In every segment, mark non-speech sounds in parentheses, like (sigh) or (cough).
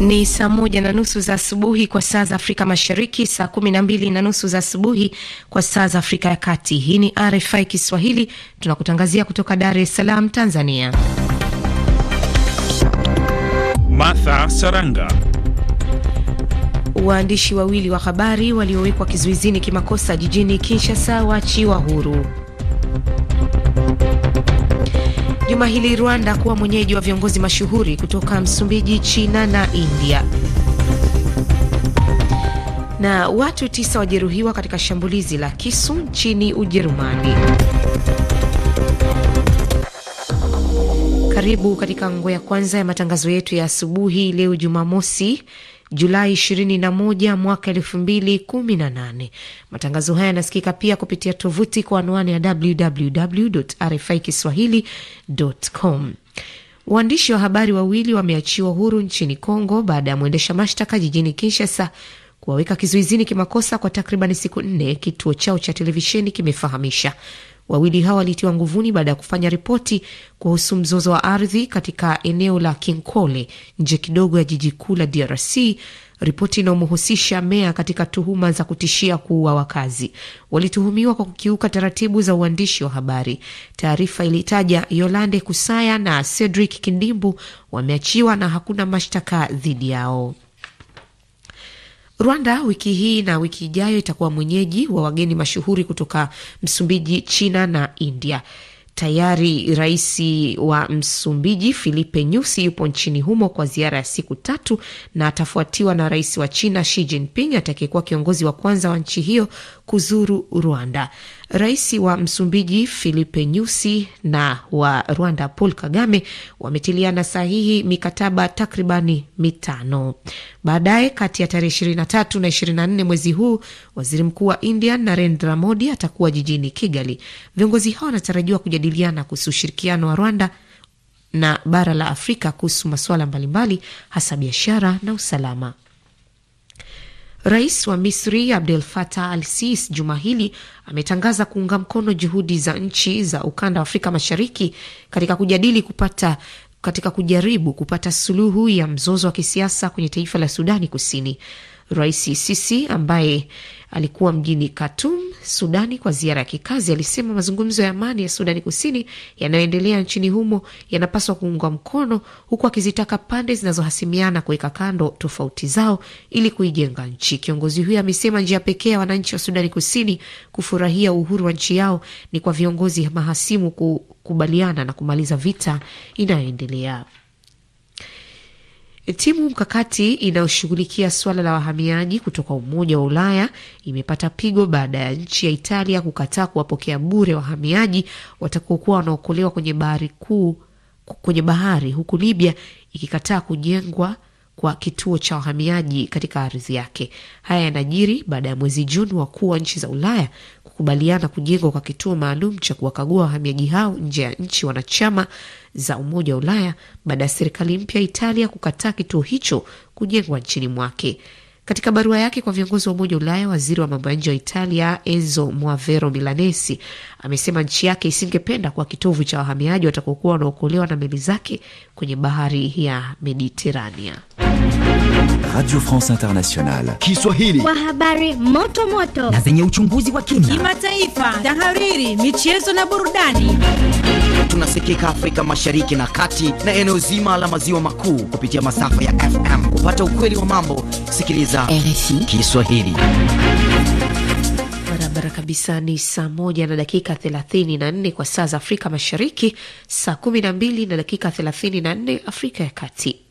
Ni saa moja na nusu za asubuhi kwa saa za Afrika Mashariki, saa kumi na mbili na nusu za asubuhi kwa saa za Afrika ya Kati. Hii ni RFI Kiswahili, tunakutangazia kutoka Dar es Salaam, Tanzania. Martha Saranga. Waandishi wawili wa habari waliowekwa kizuizini kimakosa jijini Kinshasa waachiwa huru juma hili Rwanda kuwa mwenyeji wa viongozi mashuhuri kutoka Msumbiji, China na India. Na watu tisa wajeruhiwa katika shambulizi la kisu nchini Ujerumani. Karibu katika ngo ya kwanza ya matangazo yetu ya asubuhi leo Jumamosi Julai 21 mwaka 2018. Matangazo haya yanasikika pia kupitia tovuti kwa anwani ya www RFI kiswahili.com. Waandishi wa habari wawili wameachiwa huru nchini congo baada ya mwendesha mashtaka jijini Kinshasa kuwaweka kizuizini kimakosa kwa takribani siku nne, kituo chao cha televisheni kimefahamisha. Wawili hao walitiwa nguvuni baada ya kufanya ripoti kuhusu mzozo wa ardhi katika eneo la Kinkole nje kidogo ya jiji kuu la DRC, ripoti inayomhusisha meya katika tuhuma za kutishia kuua wakazi. Walituhumiwa kwa kukiuka taratibu za uandishi wa habari. Taarifa ilitaja Yolande Kusaya na Cedric Kindimbu wameachiwa na hakuna mashtaka dhidi yao. Rwanda wiki hii na wiki ijayo itakuwa mwenyeji wa wageni mashuhuri kutoka Msumbiji, China na India. Tayari rais wa Msumbiji Filipe Nyusi yupo nchini humo kwa ziara ya siku tatu, na atafuatiwa na rais wa China Xi Jinping atakayekuwa kiongozi wa kwanza wa nchi hiyo kuzuru Rwanda. Rais wa Msumbiji Filipe Nyusi na wa Rwanda Paul Kagame wametiliana sahihi mikataba takribani mitano. Baadaye kati ya tarehe 23 na 24 mwezi huu, waziri mkuu wa India Narendra Modi atakuwa jijini Kigali. Viongozi hao wanatarajiwa kujadiliana kuhusu ushirikiano wa Rwanda na bara la Afrika kuhusu masuala mbalimbali, hasa biashara na usalama. Rais wa Misri Abdel Fattah Al Sisi juma hili ametangaza kuunga mkono juhudi za nchi za ukanda wa Afrika Mashariki katika kujadili kupata katika kujaribu kupata suluhu ya mzozo wa kisiasa kwenye taifa la Sudani Kusini. Rais Sisi ambaye alikuwa mjini Khartoum, Sudani, kwa ziara ya kikazi, alisema mazungumzo ya amani ya Sudani Kusini yanayoendelea nchini humo yanapaswa kuungwa mkono, huku akizitaka pande zinazohasimiana kuweka kando tofauti zao ili kuijenga nchi. Kiongozi huyo amesema njia pekee ya wananchi wa Sudani Kusini kufurahia uhuru wa nchi yao ni kwa viongozi mahasimu kukubaliana na kumaliza vita inayoendelea. Timu mkakati inayoshughulikia suala la wahamiaji kutoka Umoja wa Ulaya imepata pigo baada ya nchi ya Italia kukataa kuwapokea bure wahamiaji watakaokuwa wanaokolewa kwenye bahari kuu kwenye bahari huku Libya ikikataa kujengwa kwa kituo cha wahamiaji katika ardhi yake. Haya yanajiri baada ya mwezi Juni wakuu wa nchi za Ulaya kukubaliana kujengwa kwa kituo maalum cha kuwakagua wahamiaji hao nje ya nchi wanachama za Umoja wa Ulaya baada ya serikali mpya Italia kukataa kituo hicho kujengwa nchini mwake. Katika barua yake kwa viongozi wa Umoja wa Ulaya, waziri wa mambo ya nje wa Italia Enzo Moavero Milanesi amesema nchi yake isingependa kuwa kitovu cha wahamiaji watakaokuwa wanaokolewa na meli zake kwenye bahari ya Mediterania. Radio France Internationale Kiswahili, kwa habari moto moto na zenye uchunguzi wa kina, kimataifa, tahariri, michezo na burudani. Tunasikika Afrika Mashariki na kati na eneo zima la maziwa makuu kupitia masafa ya FM. Kupata ukweli wa mambo, sikiliza za RFI Kiswahili barabara kabisa. Ni saa moja na dakika 34 kwa saa za Afrika Mashariki, saa 12 na dakika 34 Afrika ya Kati.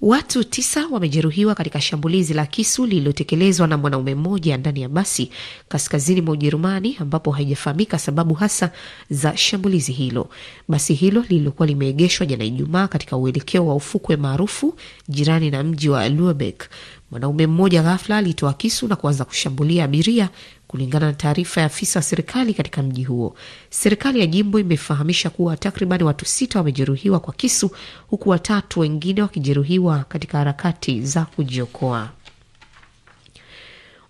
Watu tisa wamejeruhiwa katika shambulizi la kisu lililotekelezwa na mwanaume mmoja ndani ya basi kaskazini mwa Ujerumani, ambapo haijafahamika sababu hasa za shambulizi hilo. Basi hilo lililokuwa limeegeshwa jana Ijumaa katika uelekeo wa ufukwe maarufu jirani na mji wa Luebeck, mwanaume mmoja ghafla alitoa kisu na kuanza kushambulia abiria Kulingana na taarifa ya afisa wa serikali katika mji huo, serikali ya jimbo imefahamisha kuwa takribani watu sita wamejeruhiwa kwa kisu, huku watatu wengine wakijeruhiwa katika harakati za kujiokoa.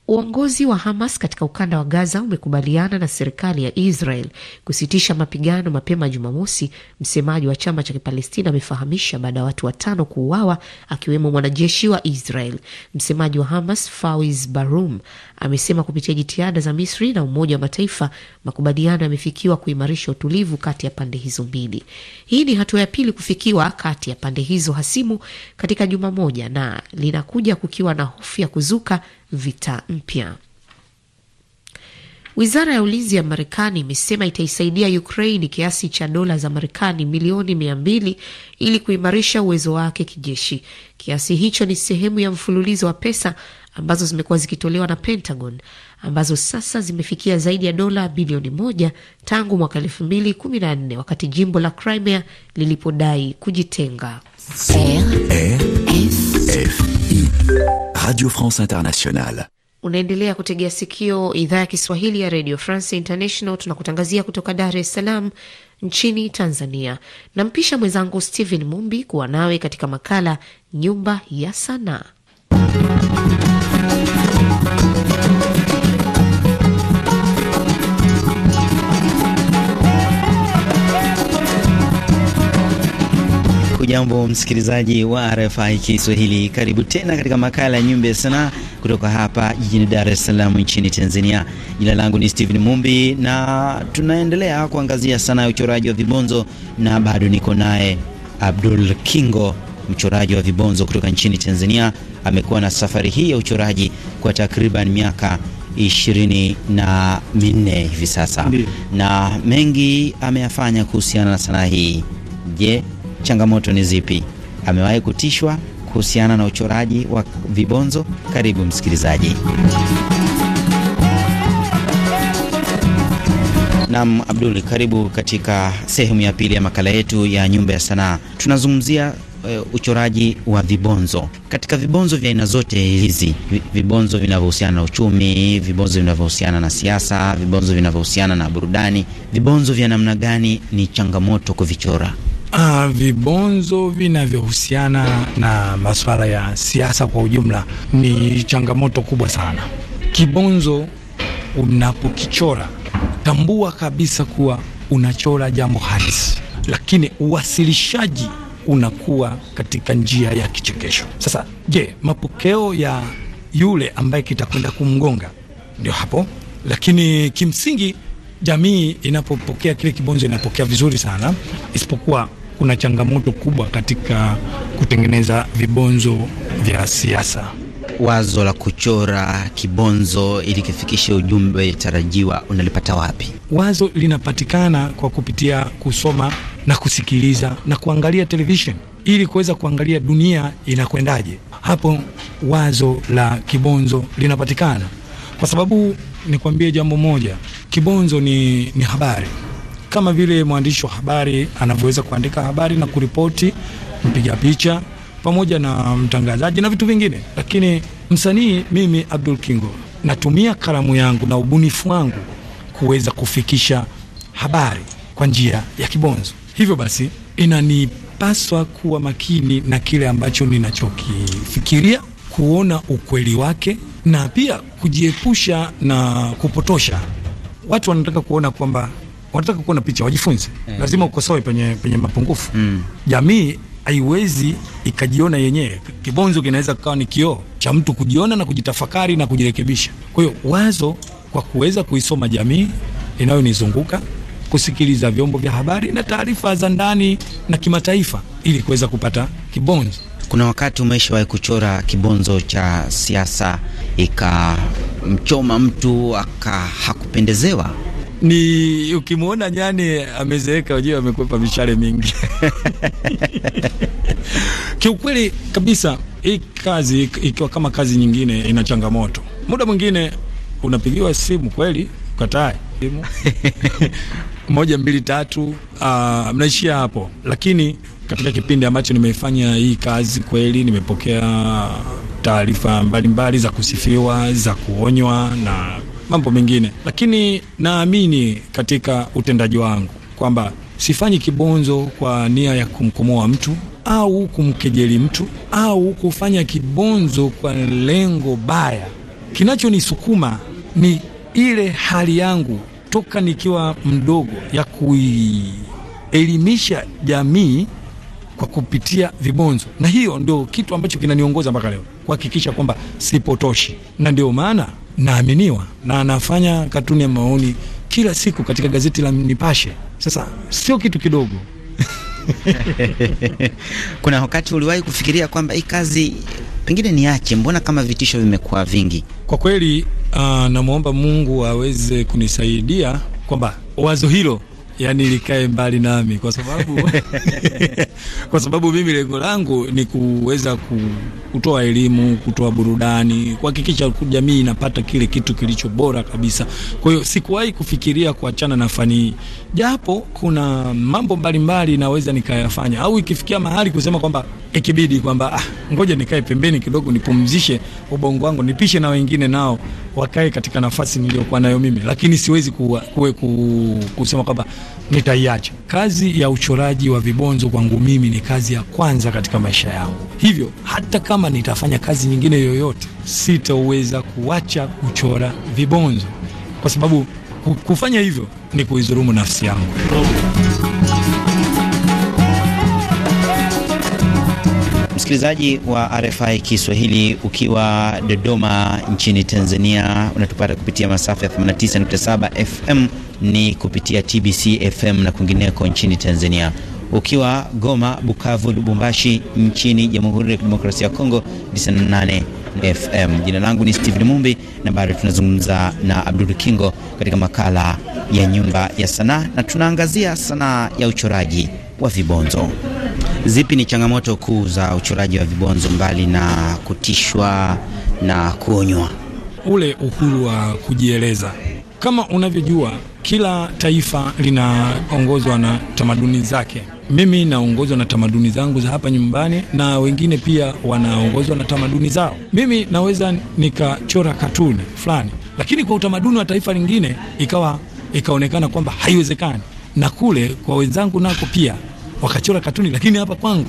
Uongozi wa Hamas katika ukanda wa Gaza umekubaliana na serikali ya Israel kusitisha mapigano mapema Jumamosi, msemaji wa chama cha Kipalestina amefahamisha baada ya watu watano kuuawa akiwemo mwanajeshi wa Israel. Msemaji wa Hamas Fawis Barum amesema kupitia jitihada za Misri na Umoja wa Mataifa makubaliano yamefikiwa kuimarisha utulivu kati ya pande hizo mbili. Hii ni hatua ya pili kufikiwa kati ya pande hizo hasimu katika juma moja na linakuja kukiwa na hofu ya kuzuka vita mpya. Wizara ya ulinzi ya Marekani imesema itaisaidia Ukraini kiasi cha dola za Marekani milioni mia mbili ili kuimarisha uwezo wake kijeshi. Kiasi hicho ni sehemu ya mfululizo wa pesa ambazo zimekuwa zikitolewa na Pentagon ambazo sasa zimefikia zaidi ya dola bilioni moja tangu mwaka elfu mbili kumi na nne wakati jimbo la Crimea lilipodai kujitenga. RFI, Radio France Internationale. Unaendelea kutegea sikio idhaa ya Kiswahili ya Radio France International. Tunakutangazia kutoka Dar es Salaam nchini Tanzania. Nampisha mwenzangu Stephen Mumbi kuwa nawe katika makala Nyumba ya Sanaa. Hujambo msikilizaji wa RFI Kiswahili, karibu tena katika makala ya Nyumba ya Sanaa kutoka hapa jijini Dar es Salaam nchini Tanzania. Jina langu ni Steven Mumbi na tunaendelea kuangazia sanaa ya uchoraji wa vibonzo, na bado niko naye Abdul Kingo, mchoraji wa vibonzo kutoka nchini Tanzania. Amekuwa na safari hii ya uchoraji kwa takriban miaka ishirini na minne hivi sasa, na mengi ameyafanya kuhusiana na sanaa hii. Je, changamoto ni zipi? Amewahi kutishwa kuhusiana na uchoraji wa vibonzo? Karibu msikilizaji. Nam Abdul, karibu katika sehemu ya pili ya makala yetu ya Nyumba ya Sanaa. Tunazungumzia eh, uchoraji wa vibonzo. Katika vibonzo vya aina zote hizi, vibonzo vinavyohusiana na uchumi, vibonzo vinavyohusiana na siasa, vibonzo vinavyohusiana na burudani, vibonzo vya namna gani ni changamoto kuvichora? uh, vibonzo vinavyohusiana na masuala ya siasa kwa ujumla ni changamoto kubwa sana. Kibonzo unapokichora, tambua kabisa kuwa unachora jambo halisi, lakini uwasilishaji unakuwa katika njia ya kichekesho. Sasa je, mapokeo ya yule ambaye kitakwenda kumgonga ndio hapo, lakini kimsingi jamii inapopokea kile kibonzo inapokea vizuri sana, isipokuwa kuna changamoto kubwa katika kutengeneza vibonzo vya siasa. Wazo la kuchora kibonzo ili kifikishe ujumbe tarajiwa unalipata wapi? Wazo linapatikana kwa kupitia kusoma na kusikiliza na kuangalia television ili kuweza kuangalia dunia inakwendaje. Hapo wazo la kibonzo linapatikana, kwa sababu nikwambie jambo moja, kibonzo ni, ni habari kama vile mwandishi wa habari anavyoweza kuandika habari na kuripoti, mpiga picha pamoja na mtangazaji na vitu vingine. Lakini msanii mimi, Abdul Kingo, natumia kalamu yangu na ubunifu wangu kuweza kufikisha habari kwa njia ya kibonzo. Hivyo basi inanipaswa kuwa makini na kile ambacho ninachokifikiria, kuona ukweli wake na pia kujiepusha na kupotosha. Watu wanataka kuona kwamba wanataka kuwa na picha wajifunze, yeah. Lazima ukosoe penye, penye mapungufu mm. Jamii haiwezi ikajiona yenyewe. Kibonzo kinaweza kukawa ni kioo cha mtu kujiona na kujitafakari na kujirekebisha. Kwa hiyo wazo kwa kuweza kuisoma jamii inayonizunguka kusikiliza vyombo vya habari na taarifa za ndani na kimataifa ili kuweza kupata kibonzo. Kuna wakati umeshawahi kuchora kibonzo cha siasa ikamchoma mtu aka hakupendezewa? ni ukimwona nyani amezeeka, wajua amekwepa mishale mingi (laughs) kiukweli kabisa. Hii kazi ikiwa kama kazi nyingine, ina changamoto. Muda mwingine unapigiwa simu kweli, ukatae simu (laughs) moja mbili tatu, uh, mnaishia hapo. Lakini katika kipindi ambacho nimeifanya hii kazi kweli, nimepokea taarifa mbalimbali za kusifiwa, za kuonywa na mambo mengine, lakini naamini katika utendaji wangu kwamba sifanyi kibonzo kwa nia ya kumkomoa mtu au kumkejeli mtu au kufanya kibonzo kwa lengo baya. Kinachonisukuma ni ile hali yangu toka nikiwa mdogo ya kuielimisha jamii kwa kupitia vibonzo, na hiyo ndio kitu ambacho kinaniongoza mpaka leo kuhakikisha kwamba sipotoshi, na ndio maana naaminiwa na anafanya katuni ya maoni kila siku katika gazeti la Nipashe. Sasa sio kitu kidogo. (laughs) Kuna wakati uliwahi kufikiria kwamba hii kazi pengine niache, mbona kama vitisho vimekuwa vingi? Kwa kweli, uh, namwomba Mungu aweze kunisaidia kwamba wazo hilo yani likae mbali nami kwa sababu (laughs) kwa sababu mimi lengo langu ni kuweza kutoa elimu, kutoa burudani, kuhakikisha jamii inapata kile kitu kilicho bora kabisa. Kwa hiyo sikuwahi kufikiria kuachana na fani hii, japo kuna mambo mbalimbali naweza nikayafanya, au ikifikia mahali kusema kwamba ikibidi kwamba ah, ngoja nikae pembeni kidogo nipumzishe ubongo wangu, nipishe na wengine nao wakae katika nafasi niliyokuwa nayo mimi, lakini siwezi kuwa, kuwe, kusema kwamba nitaiacha kazi ya uchoraji wa vibonzo kwangu mimi mimi ni kazi ya kwanza katika maisha yangu, hivyo hata kama nitafanya kazi nyingine yoyote sitaweza kuacha kuchora vibonzo, kwa sababu kufanya hivyo ni kuidhurumu nafsi yangu. Msikilizaji wa RFI Kiswahili, ukiwa Dodoma nchini Tanzania, unatupata kupitia masafa ya 89.7 FM, ni kupitia TBC FM na kwingineko nchini Tanzania ukiwa Goma, Bukavu, Lubumbashi nchini Jamhuri ya Kidemokrasia ya Kongo 98 FM. Jina langu ni Steven Mumbi na bado tunazungumza na Abdul Kingo katika makala ya nyumba ya sanaa na tunaangazia sanaa ya uchoraji wa vibonzo. Zipi ni changamoto kuu za uchoraji wa vibonzo mbali na kutishwa na kuonywa? Ule uhuru wa kujieleza. Kama unavyojua, kila taifa linaongozwa na tamaduni zake. Mimi naongozwa na tamaduni zangu za hapa nyumbani, na wengine pia wanaongozwa na tamaduni zao. Mimi naweza nikachora katuni fulani, lakini kwa utamaduni wa taifa lingine ikawa ikaonekana kwamba haiwezekani, na kule kwa wenzangu nako pia wakachora katuni, lakini hapa kwangu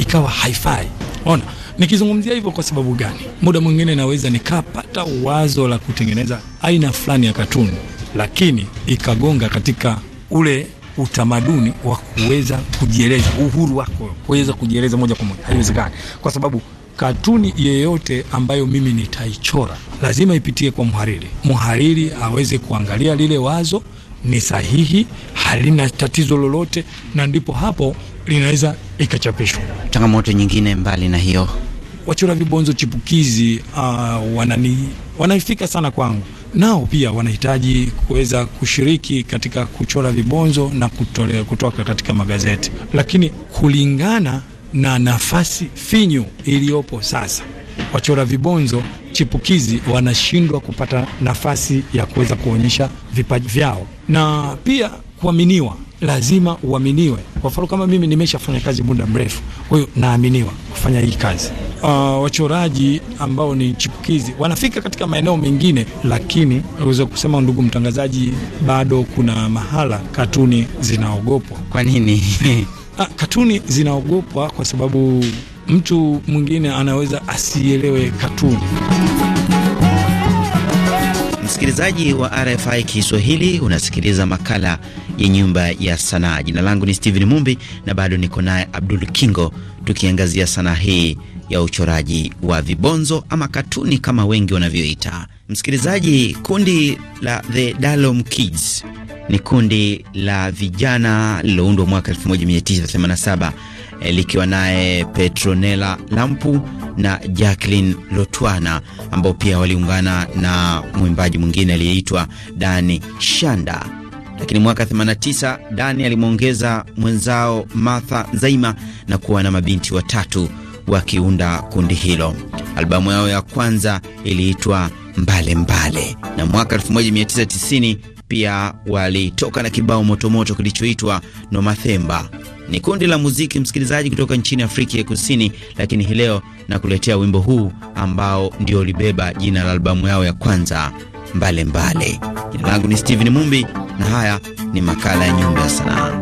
ikawa haifai. Ona, nikizungumzia hivyo kwa sababu gani? Muda mwingine naweza nikapata wazo la kutengeneza aina fulani ya katuni, lakini ikagonga katika ule utamaduni wa kuweza kujieleza, uhuru wako kuweza kujieleza moja kwa moja. Haiwezekani, kwa sababu katuni yeyote ambayo mimi nitaichora lazima ipitie kwa mhariri. Mhariri aweze kuangalia lile wazo ni sahihi, halina tatizo lolote, na ndipo hapo linaweza ikachapishwa. Changamoto nyingine mbali na hiyo, wachora vibonzo chipukizi uh, wanani wanaifika sana kwangu nao pia wanahitaji kuweza kushiriki katika kuchora vibonzo na kutolea kutoka katika magazeti, lakini kulingana na nafasi finyu iliyopo sasa, wachora vibonzo chipukizi wanashindwa kupata nafasi ya kuweza kuonyesha vipaji vyao na pia kuaminiwa lazima uaminiwe. Kwa mfano kama mimi nimeshafanya kazi muda mrefu, kwa hiyo naaminiwa kufanya hii kazi. Uh, wachoraji ambao ni chipukizi wanafika katika maeneo mengine, lakini naweza kusema ndugu mtangazaji, bado kuna mahala katuni zinaogopwa. Kwa nini? (laughs) Ah, katuni zinaogopwa kwa sababu mtu mwingine anaweza asielewe katuni. Msikilizaji wa RFI Kiswahili, unasikiliza makala ya Nyumba ya Sanaa. Jina langu ni Steven Mumbi na bado niko naye Abdul Kingo, tukiangazia sanaa hii ya uchoraji wa vibonzo ama katuni kama wengi wanavyoita. Msikilizaji, kundi la The Dalom Kids ni kundi la vijana lililoundwa mwaka 1987 Eh, likiwa naye Petronella Lampu na Jacqueline Lotwana ambao pia waliungana na mwimbaji mwingine aliyeitwa Dani Shanda. Lakini mwaka 89 Dani alimwongeza mwenzao Martha Zaima na kuwa na mabinti watatu wakiunda kundi hilo. Albamu yao ya kwanza iliitwa Mbale Mbale, na mwaka 1990 pia walitoka na kibao motomoto kilichoitwa Nomathemba. Ni kundi la muziki msikilizaji, kutoka nchini Afrika ya Kusini, lakini hii leo nakuletea wimbo huu ambao ndio ulibeba jina la albamu yao ya kwanza Mbalimbali. Jina langu ni Steven Mumbi na haya ni makala ya Nyumba ya Sanaa.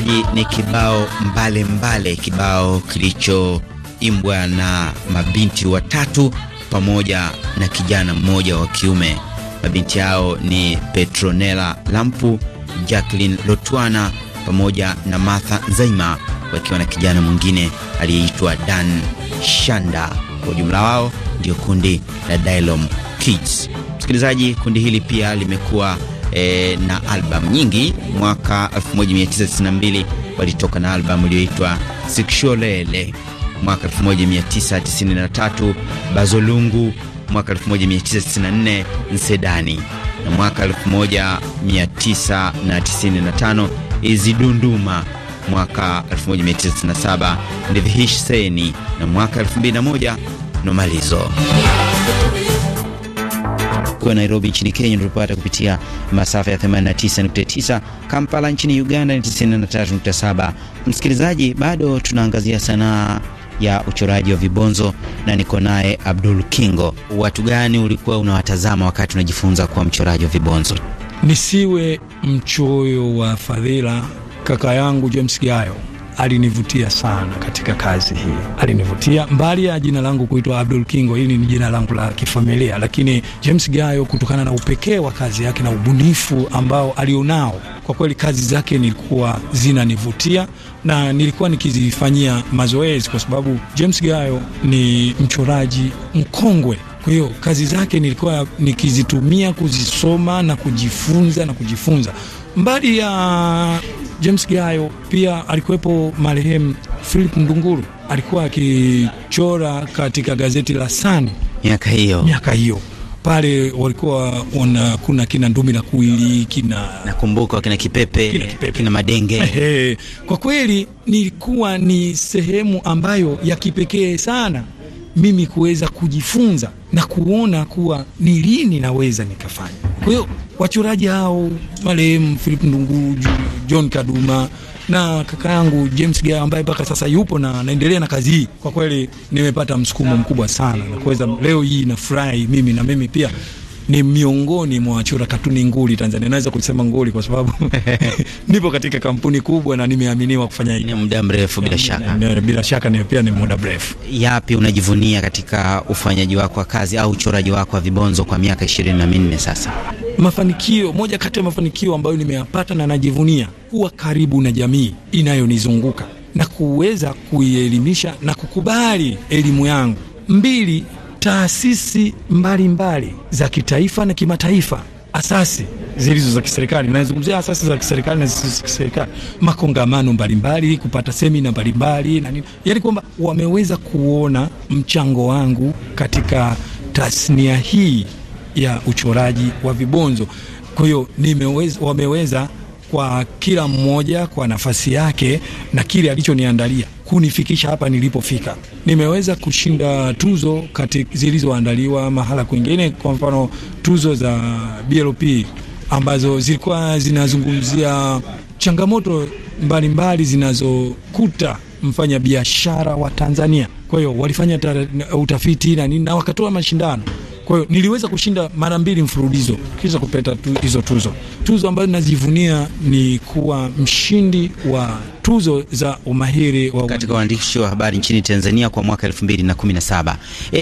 msikilizaji, ni kibao mbale mbale, kibao kilichoimbwa na mabinti watatu pamoja na kijana mmoja wa kiume. Mabinti hao ni Petronella Lampu, Jacqueline Lotwana pamoja na Martha Nzaima, wakiwa na kijana mwingine aliyeitwa Dan Shanda. Kwa ujumla wao ndio kundi la Dylom Kids. Msikilizaji, kundi hili pia limekuwa e, na albamu nyingi. Mwaka 1992 walitoka na albamu iliyoitwa Sixolele, mwaka 1993 Bazolungu, mwaka 1994 Nsedani na mwaka 1995 Izidunduma, mwaka 1997 Ndivihishseni na mwaka 2001 Nomalizo kwa Nairobi nchini Kenya unatupata kupitia masafa ya 89.9, Kampala nchini Uganda ni 93.7. Msikilizaji, bado tunaangazia sanaa ya uchoraji wa vibonzo na niko naye Abdul Kingo. Watu gani ulikuwa unawatazama wakati unajifunza kuwa mchoraji wa vibonzo? Nisiwe mchoyo wa fadhila, kaka yangu James Gayo alinivutia sana katika kazi hii, alinivutia mbali ya jina langu kuitwa Abdul Kingo, hili ni jina langu la kifamilia, lakini James Gayo, kutokana na upekee wa kazi yake na ubunifu ambao alionao, kwa kweli kazi zake nilikuwa zinanivutia na nilikuwa nikizifanyia mazoezi, kwa sababu James Gayo ni mchoraji mkongwe kwa hiyo kazi zake nilikuwa nikizitumia kuzisoma na kujifunza na kujifunza mbali ya James Gayo, pia alikuwepo marehemu Philip ndunguru alikuwa akichora katika gazeti la Sani miaka hiyo miaka hiyo pale walikuwa wana kuna kina Ndumi na Kuili kina nakumbuka kina Kipepe kina, Kipepe, kina Madenge. He, kwa kweli nilikuwa ni sehemu ambayo ya kipekee sana mimi kuweza kujifunza na kuona kuwa ni lini naweza nikafanya. Kwa hiyo wachoraji hao marehemu Philip Ndunguju, John Kaduma na kaka yangu James Gaya ambaye mpaka sasa yupo na anaendelea na kazi hii, kwa kweli nimepata msukumo mkubwa sana na kuweza leo hii nafurahi mimi na mimi pia ni miongoni mwa wachora katuni nguli Tanzania. Naweza kusema nguli kwa sababu (laughs) (laughs) nipo katika kampuni kubwa na nimeaminiwa kufanya hili muda mrefu. Bila shaka, bila shaka ni pia ni muda mrefu. Yapi unajivunia katika ufanyaji wako wa kazi au uchoraji wako wa vibonzo kwa miaka ishirini na minne sasa? Mafanikio, moja kati ya mafanikio ambayo nimeyapata na najivunia, kuwa karibu na jamii inayonizunguka na kuweza kuielimisha na kukubali elimu yangu. Mbili, taasisi mbalimbali za kitaifa na kimataifa, asasi zilizo za kiserikali, nazungumzia asasi za kiserikali na zisizo za kiserikali, makongamano mbalimbali, kupata semina mbalimbali na nini, yani kwamba wameweza kuona mchango wangu katika tasnia hii ya uchoraji wa vibonzo. Kwa hiyo nimeweza, wameweza kwa kila mmoja kwa nafasi yake na kile alichoniandalia kunifikisha hapa nilipofika. Nimeweza kushinda tuzo zilizoandaliwa mahala kwingine, kwa mfano tuzo za BLP ambazo zilikuwa zinazungumzia changamoto mbalimbali zinazokuta mfanya biashara wa Tanzania. Kwa hiyo walifanya utafiti na nini na wakatoa mashindano kwa hiyo niliweza kushinda mara mbili mfululizo kisha kupata tu, hizo tuzo. Tuzo ambazo ninazivunia ni kuwa mshindi wa tuzo za umahiri wa katika uandishi wa habari nchini Tanzania kwa mwaka 2017.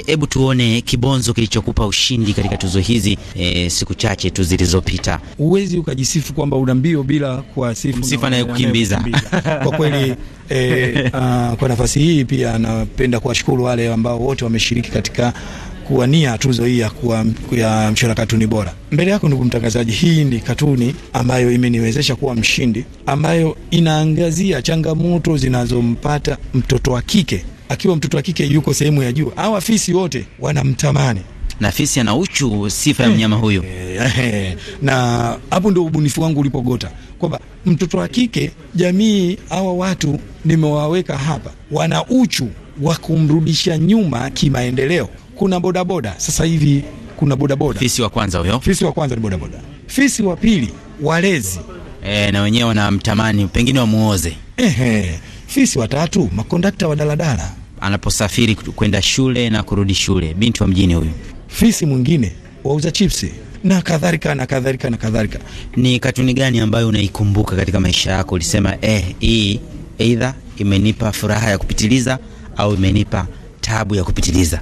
Hebu e, tuone kibonzo kilichokupa ushindi katika tuzo hizi e, siku chache tu zilizopita. Huwezi ukajisifu kwamba una mbio bila sifu sifa kukimbiza. (laughs) kwa kweli. E, a, kwa nafasi hii pia napenda kuwashukuru wale ambao wote wameshiriki katika kuwania tuzo hii ya, ya mchora katuni bora. Mbele yako ndugu mtangazaji, hii ni katuni ambayo imeniwezesha kuwa mshindi, ambayo inaangazia changamoto zinazompata mtoto wa kike akiwa mtoto wa kike yuko sehemu ya juu, au afisi wote wanamtamani na fisi ana uchu sifa ya eh, mnyama huyo. Eh, (laughs) na hapo ndio ubunifu wangu ulipogota kwamba mtoto wa kike, jamii, hawa watu nimewaweka hapa, wana uchu wa kumrudisha nyuma kimaendeleo, kuna bodaboda sasa hivi, kuna bodaboda. Fisi wa kwanza huyo, fisi wa kwanza ni bodaboda. Fisi wa pili walezi, e, na wenyewe wanamtamani pengine wamuoze. Ehe, fisi wa tatu makondakta wa daladala, anaposafiri kwenda shule na kurudi shule, binti wa mjini huyu. Fisi mwingine wauza chipsi na kadhalika na kadhalika na kadhalika. Ni katuni gani ambayo unaikumbuka katika maisha yako ulisema, eh, hii aidha imenipa furaha ya kupitiliza au imenipa tabu ya kupitiliza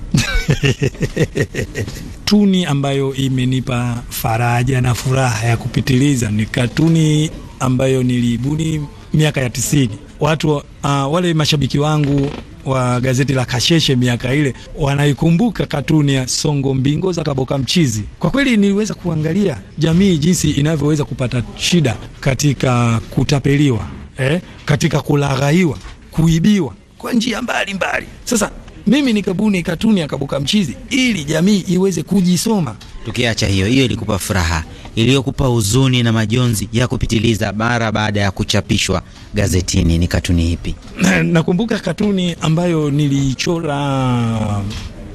(laughs) tuni ambayo imenipa faraja na furaha ya kupitiliza ni katuni ambayo niliibuni miaka ya tisini. Watu uh, wale mashabiki wangu wa gazeti la Kasheshe miaka ile wanaikumbuka katuni ya Songo Mbingo za Kaboka Mchizi. Kwa kweli niliweza kuangalia jamii jinsi inavyoweza kupata shida katika kutapeliwa eh, katika kulaghaiwa, kuibiwa kwa njia mbalimbali. Sasa mimi nikabuni katuni akabuka mchizi ili jamii iweze kujisoma. Tukiacha hiyo hiyo, ilikupa furaha, iliyokupa huzuni na majonzi ya kupitiliza mara baada ya kuchapishwa gazetini ni katuni ipi? (clears throat) Nakumbuka katuni ambayo niliichora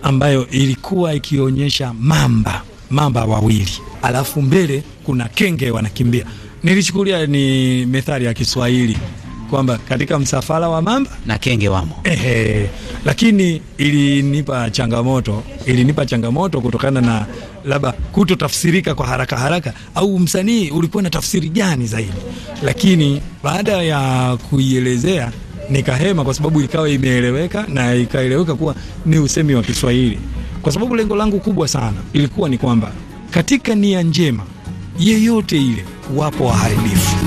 ambayo ilikuwa ikionyesha mamba mamba wawili, alafu mbele kuna kenge wanakimbia. Nilichukulia ni methali ya Kiswahili kwamba katika msafara wa mamba na kenge wamo. Ehe, lakini ilinipa changamoto, ilinipa changamoto kutokana na labda kutotafsirika kwa haraka haraka, au msanii ulikuwa na tafsiri gani zaidi. Lakini baada ya kuielezea nikahema, kwa sababu ikawa imeeleweka na ikaeleweka kuwa ni usemi wa Kiswahili, kwa sababu lengo langu kubwa sana ilikuwa ni kwamba katika nia njema yeyote ile, wapo waharibifu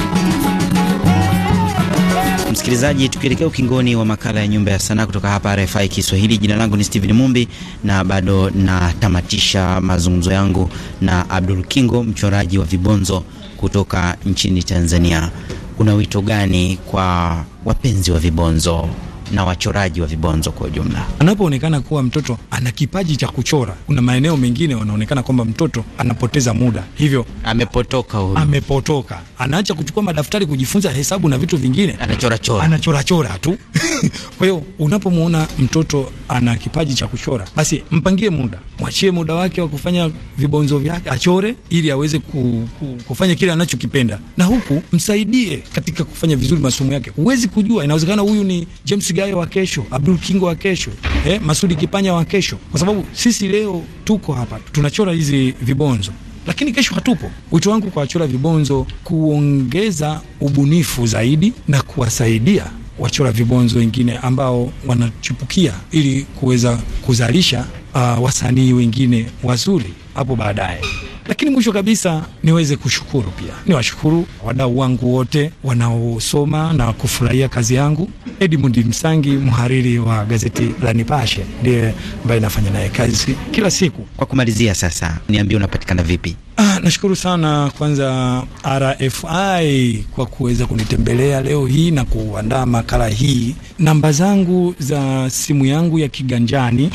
Msikilizaji, tukielekea ukingoni wa makala ya Nyumba ya Sanaa kutoka hapa RFI Kiswahili, jina langu ni Steven Mumbi na bado natamatisha mazungumzo yangu na Abdul Kingo, mchoraji wa vibonzo kutoka nchini Tanzania. Una wito gani kwa wapenzi wa vibonzo? na wachoraji wa vibonzo kwa ujumla. Anapoonekana kuwa mtoto ana kipaji cha kuchora, kuna maeneo mengine wanaonekana kwamba mtoto anapoteza muda, hivyo amepotoka huyu. amepotoka, anaacha kuchukua madaftari kujifunza hesabu na vitu vingine, anachora chora, anachora chora tu. (laughs) Kwa hiyo unapomwona mtoto ana kipaji cha kuchora, basi mpangie muda, mwachie muda wake wa kufanya vibonzo vyake, achore ili aweze ku, ku, kufanya kile anachokipenda, na huku msaidie katika kufanya vizuri masomo yake. Huwezi kujua, inawezekana huyu ni James Masigayo wa kesho, Abdul Kingo wa kesho, eh, Masudi Kipanya wa kesho, kwa sababu sisi leo tuko hapa tunachora hizi vibonzo lakini kesho hatupo. Wito wangu kwa wachora vibonzo kuongeza ubunifu zaidi na kuwasaidia wachora vibonzo wengine ambao wanachipukia ili kuweza kuzalisha uh, wasanii wengine wazuri hapo baadaye. Lakini mwisho kabisa niweze kushukuru pia, niwashukuru wadau wangu wote wanaosoma na kufurahia kazi yangu. Edmund Msangi, mhariri wa gazeti la Nipashe, ndiye ambaye nafanya naye kazi kila siku. Kwa kumalizia sasa, niambie unapatikana vipi? Ah, nashukuru sana kwanza RFI kwa kuweza kunitembelea leo hii na kuandaa makala hii. Namba zangu za simu yangu ya kiganjani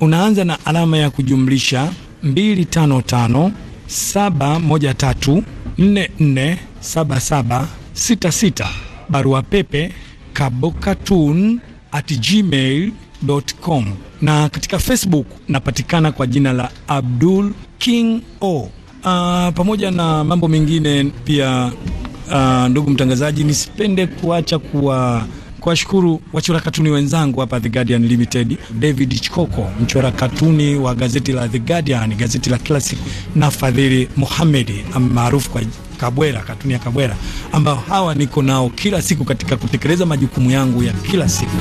unaanza na alama ya kujumlisha 255 713 44 barua pepe kabokatun at gmail com, na katika Facebook napatikana kwa jina la Abdul King O. Uh, pamoja na mambo mengine pia, uh, ndugu mtangazaji, nisipende kuacha kuwa kuwashukuru wachora katuni wenzangu hapa The Guardian Limited, David Chikoko, mchora katuni wa gazeti la The Guardian, gazeti la kila siku, na Fadhili Mohamed maarufu kwa Kabwera, katuni ya Kabwera, ambao hawa niko nao kila siku katika kutekeleza majukumu yangu ya kila siku.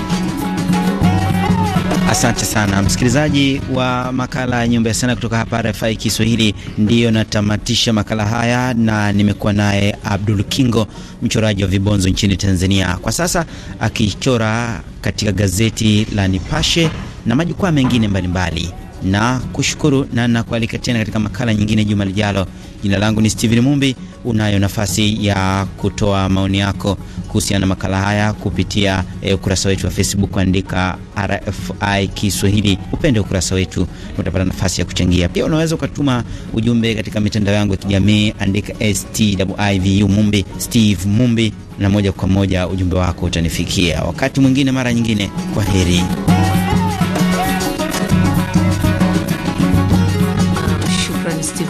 Asante sana msikilizaji wa makala ya nyumba ya sanaa kutoka hapa RFI Kiswahili. Ndiyo natamatisha makala haya, na nimekuwa naye Abdul Kingo, mchoraji wa vibonzo nchini Tanzania, kwa sasa akichora katika gazeti la Nipashe na majukwaa mengine mbalimbali na kushukuru na nakualika tena katika makala nyingine juma lijalo. Jina langu ni Steven Mumbi. Unayo nafasi ya kutoa maoni yako kuhusiana na makala haya kupitia eh, ukurasa wetu wa Facebook, andika RFI Kiswahili, upende ukurasa wetu na utapata nafasi ya kuchangia. Pia unaweza ukatuma ujumbe katika mitandao yangu ya kijamii, andika Stivu Mumbi, Steve Mumbi, na moja kwa moja ujumbe wako utanifikia. Wakati mwingine, mara nyingine, kwa heri.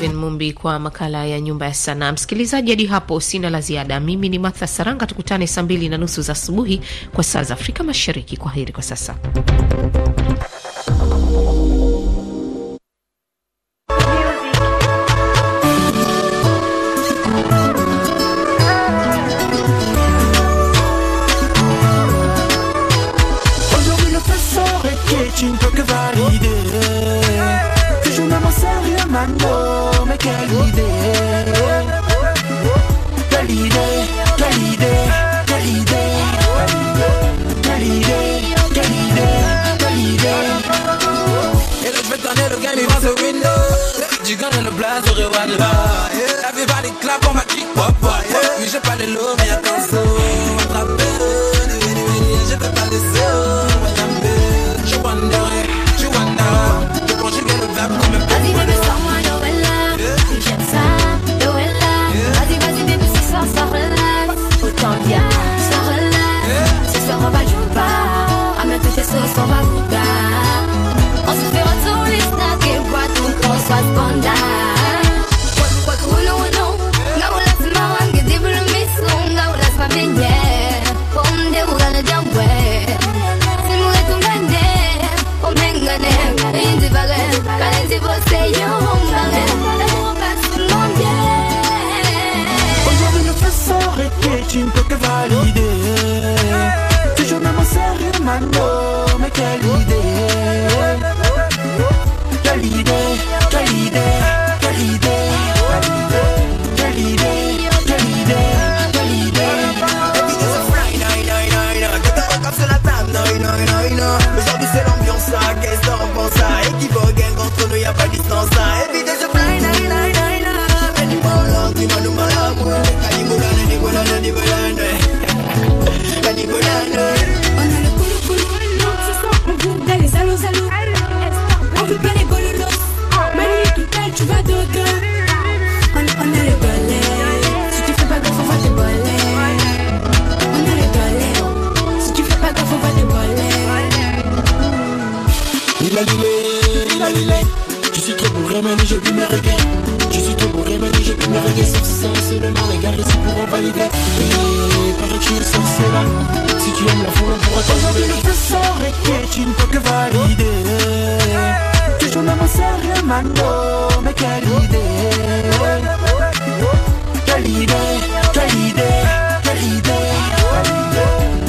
Steven Mumbi kwa makala ya nyumba ya sanaa. Msikilizaji, hadi hapo sina la ziada. Mimi ni Martha Saranga, tukutane saa mbili na nusu za asubuhi kwa saa za Afrika Mashariki. Kwa heri kwa sasa. quelle idée Quelle idée, quelle idée, quelle idée Quelle idée, quelle idée, idée Et là je vais le game, il va se Du gun dans le blaze au revoir de là Everybody clap on ma clique j'ai pas de l'eau, mais attends tu vas dodo. On, est le balai. Si tu fais pas gaffe, on va te voler. On est le balai. Si tu fais pas gaffe, on va te voler. Il a l'ilé, il a l'ilé. Je suis trop bourré ramener, je vis me régler. Je suis trop bourré ramener, je vis me régler. Sauf si c'est seulement les gars, c'est pour en valider. Et paraît que tu es là. Si tu aimes la foule, on pourra t'enlever Aujourd'hui, je te sors que tu ne peux que valider. Ragionevo serremando Me quelle idée Quelle idée, quelle idée, quelle idée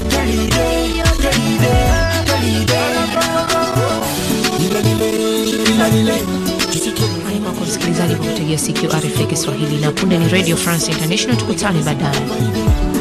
Quelle idée, quelle idée, kwa msikilizaji kwa kutegea sikio RFI Kiswahili na punde ni Radio France International. Tukutane baadaye.